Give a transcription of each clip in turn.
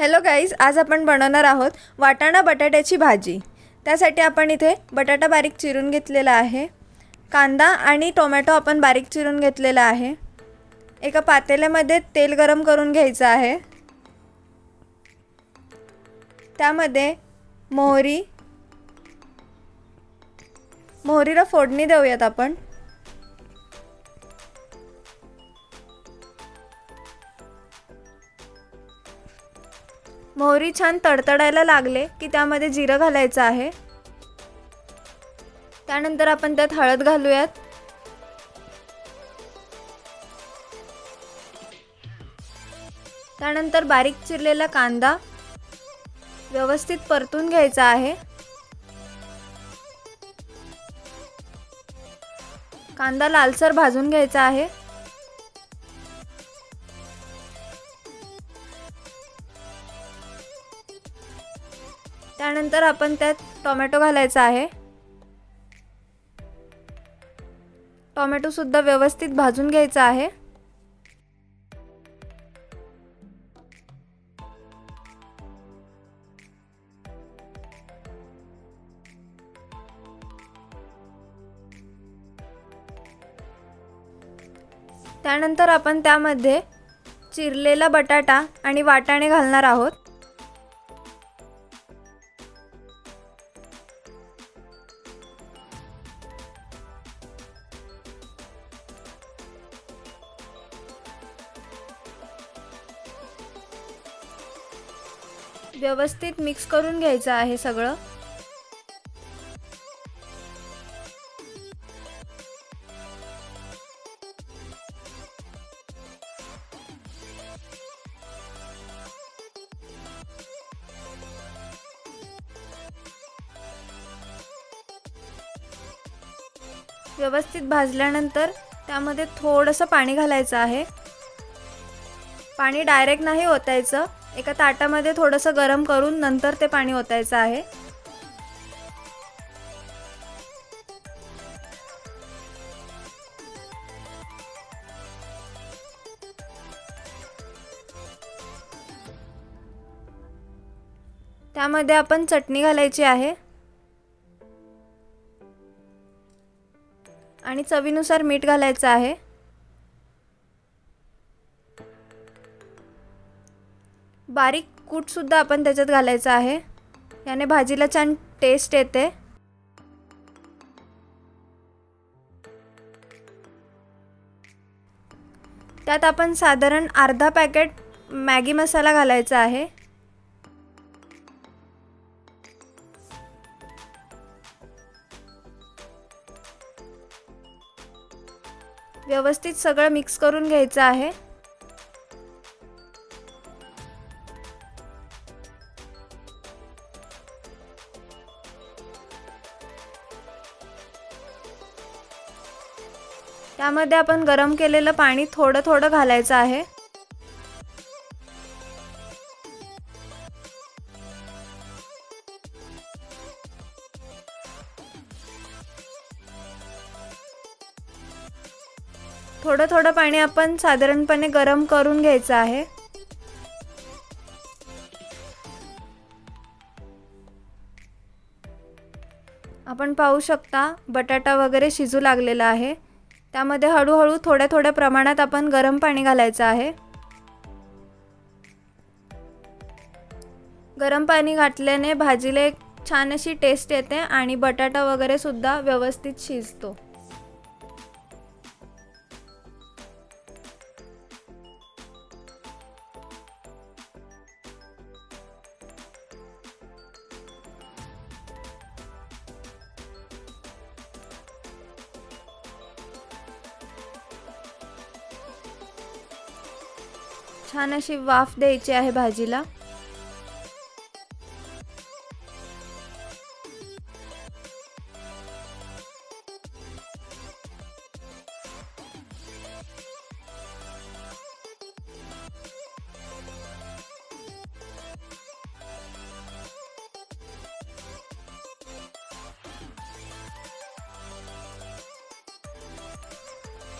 Hello guys आज आपण बनवणार आहोत वाटाणा बटाट्याची भाजी त्यासाठी आपण इथे बटाटा बारीक चिरून घेतलेला आहे कांदा आणि टोमॅटो आपण बारीक चिरून घेतलेला आहे एका पातेल्यामध्ये तेल गरम करून घ्यायचं आहे त्यामध्ये मोहरी मोहरीला फोडणी देऊयात आपण मोहरी छान तडतडायला लागले की त्यामध्ये जिरं घालायचं आहे त्यानंतर आपण त्यात हळद घालूयात त्यानंतर बारीक चिरलेला कांदा व्यवस्थित परतून घ्यायचा आहे कांदा लालसर भाजून घ्यायचा आहे त्यानंतर आपण त्यात टोमॅटो घालायचा आहे सुद्धा व्यवस्थित भाजून घ्यायचा आहे त्यानंतर आपण त्यामध्ये चिरलेला बटाटा आणि वाटाणे घालणार आहोत व्यवस्थित मिक्स करून घ्यायचं आहे सगळं व्यवस्थित भाजल्यानंतर त्यामध्ये थोडंसं पाणी घालायचं आहे पाणी डायरेक्ट नाही ओतायचं एका ताटामध्ये थोडंसं गरम करून नंतर ते पाणी ओतायचं आहे त्यामध्ये आपण चटणी घालायची आहे आणि चवीनुसार मीठ घालायचं आहे बारीक कूटसुद्धा आपण त्याच्यात घालायचं आहे याने भाजीला छान टेस्ट येते त्यात आपण साधारण अर्धा पॅकेट मॅगी मसाला घालायचा आहे व्यवस्थित सगळं मिक्स करून घ्यायचं आहे त्यामध्ये आपण गरम केलेलं पाणी थोडं थोडं घालायचं आहे थोडं थोडं पाणी आपण साधारणपणे गरम करून घ्यायचं आहे आपण पाहू शकता बटाटा वगैरे शिजू लागलेला आहे त्यामध्ये हळूहळू थोड्या थोड्या प्रमाणात आपण गरम पाणी घालायचं आहे गरम पाणी घातल्याने भाजीला एक छान अशी टेस्ट येते आणि बटाटा वगैरे सुद्धा व्यवस्थित शिजतो छान अशी वाफ द्यायची आहे भाजीला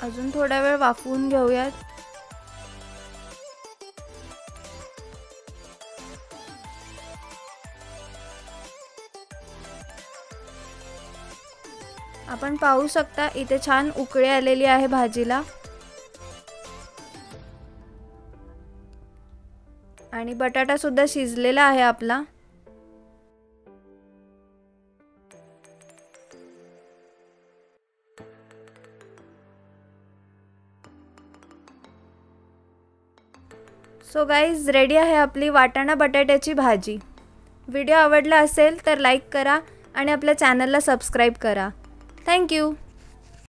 अजून थोडा वेळ वाफवून घेऊयात आपण पाहू शकता इथे छान उकळी आलेली आहे भाजीला आणि बटाटा सुद्धा शिजलेला आहे आपला सो गाईज रेडी आहे आपली वाटाणा बटाट्याची भाजी व्हिडिओ आवडला असेल तर लाईक करा आणि आपल्या चॅनलला सबस्क्राईब करा Thank you.